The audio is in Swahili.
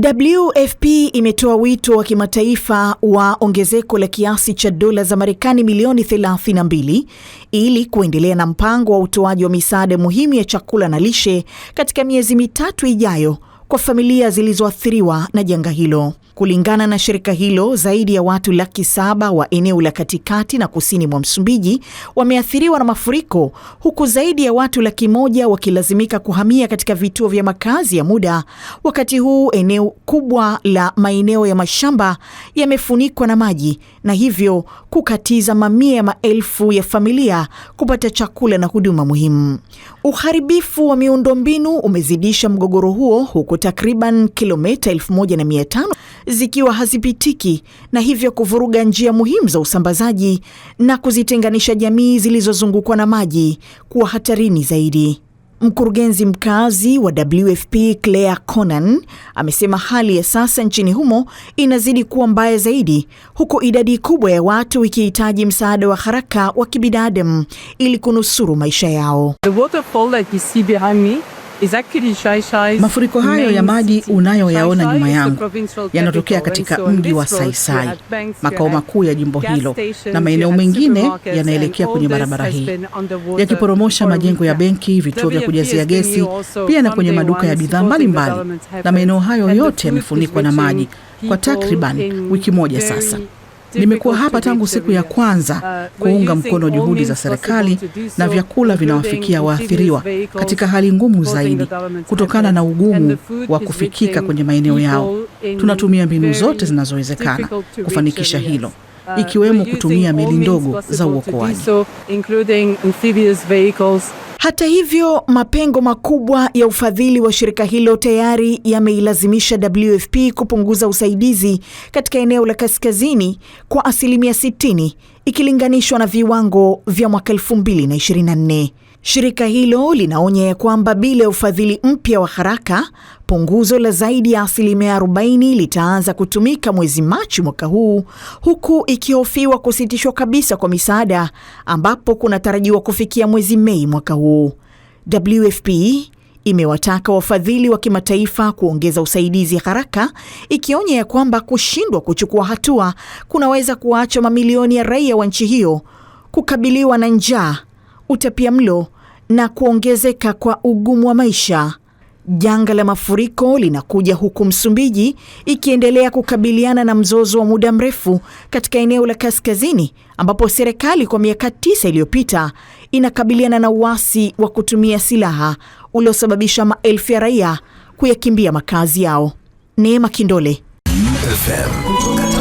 WFP imetoa wito wa kimataifa wa ongezeko la kiasi cha dola za Marekani milioni 32 ili kuendelea na mpango wa utoaji wa misaada muhimu ya chakula na lishe katika miezi mitatu ijayo kwa familia zilizoathiriwa na janga hilo. Kulingana na shirika hilo, zaidi ya watu laki saba wa eneo la katikati na kusini mwa Msumbiji wameathiriwa na mafuriko, huku zaidi ya watu laki moja wakilazimika kuhamia katika vituo vya makazi ya muda, wakati huu eneo kubwa la maeneo ya mashamba yamefunikwa na maji na hivyo kukatiza mamia ya maelfu ya familia kupata chakula na huduma muhimu. Uharibifu wa miundombinu umezidisha mgogoro huo huku takriban kilomita 1500 zikiwa hazipitiki na hivyo kuvuruga njia muhimu za usambazaji na kuzitenganisha jamii zilizozungukwa na maji kuwa hatarini zaidi. Mkurugenzi mkazi wa WFP Claire Conan amesema hali ya sasa nchini humo inazidi kuwa mbaya zaidi, huku idadi kubwa ya watu ikihitaji msaada wa haraka wa kibinadamu ili kunusuru maisha yao. The waterfall that you see behind me Mafuriko hayo ya maji unayoyaona nyuma yangu yanatokea katika mji wa Saisai, makao makuu ya jimbo hilo, na maeneo mengine yanaelekea kwenye barabara hii, yakiporomosha majengo ya benki, vituo vya kujazia gesi, pia na kwenye maduka ya bidhaa mbalimbali, na maeneo hayo yote yamefunikwa na maji kwa takriban wiki moja sasa. Nimekuwa hapa tangu siku ya kwanza uh, kuunga mkono juhudi za serikali na vyakula vinawafikia waathiriwa katika hali ngumu zaidi kutokana na ugumu wa kufikika kwenye maeneo yao. Tunatumia mbinu zote zinazowezekana kufanikisha hilo uh, ikiwemo kutumia meli ndogo za uokoaji. Hata hivyo, mapengo makubwa ya ufadhili wa shirika hilo tayari yameilazimisha WFP kupunguza usaidizi katika eneo la kaskazini kwa asilimia 60 ikilinganishwa na viwango vya mwaka 2024. Shirika hilo linaonya ya kwamba bila ya ufadhili mpya wa haraka, punguzo la zaidi ya asilimia 40 litaanza kutumika mwezi Machi mwaka huu, huku ikihofiwa kusitishwa kabisa kwa misaada ambapo kunatarajiwa kufikia mwezi Mei mwaka huu. WFP imewataka wafadhili wa kimataifa kuongeza usaidizi haraka, ikionya ya kwamba kushindwa kuchukua hatua kunaweza kuwaacha mamilioni ya raia wa nchi hiyo kukabiliwa na njaa, utapia mlo na kuongezeka kwa ugumu wa maisha. Janga la mafuriko linakuja huku Msumbiji ikiendelea kukabiliana na mzozo wa muda mrefu katika eneo la kaskazini, ambapo serikali kwa miaka tisa iliyopita inakabiliana na uasi wa kutumia silaha uliosababisha maelfu ya raia kuyakimbia makazi yao. Neema Kindole FM.